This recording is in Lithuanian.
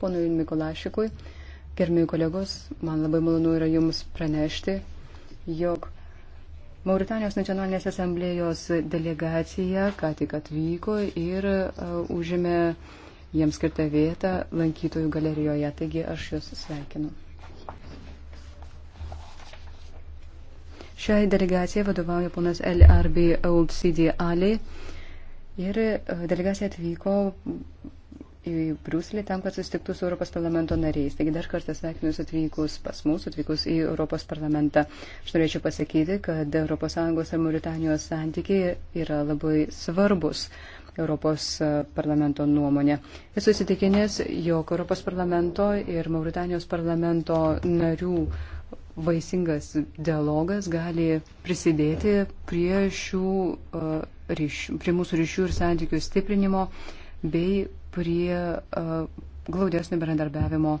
Ponui Mikolašikui, gerbėjai kolegos, man labai malonu yra Jums pranešti, jog Mauritanijos nacionalinės asamblėjos delegacija ką tik atvyko ir uh, užėmė jiems skirtą vietą lankytojų galerijoje. Taigi aš Jūs sveikinu. Šiai delegacijai vadovauja ponas LRB Old CD Ali ir e, delegacija atvyko į Briuselį tam, kad susitiktų su Europos parlamento nariais. Taigi dar kartą sveikinus atvykus pas mus, atvykus į Europos parlamentą. Aš norėčiau pasakyti, kad ES ir Mauritanijos santykiai yra labai svarbus. Europos e, parlamento nuomonė. Esu įsitikinęs, jog Europos parlamento ir Mauritanijos parlamento narių vaisingas dialogas gali prisidėti prie, šių, e, ryšių, prie mūsų ryšių ir santykių stiprinimo uh, bei prie glaudesnio bendradarbiavimo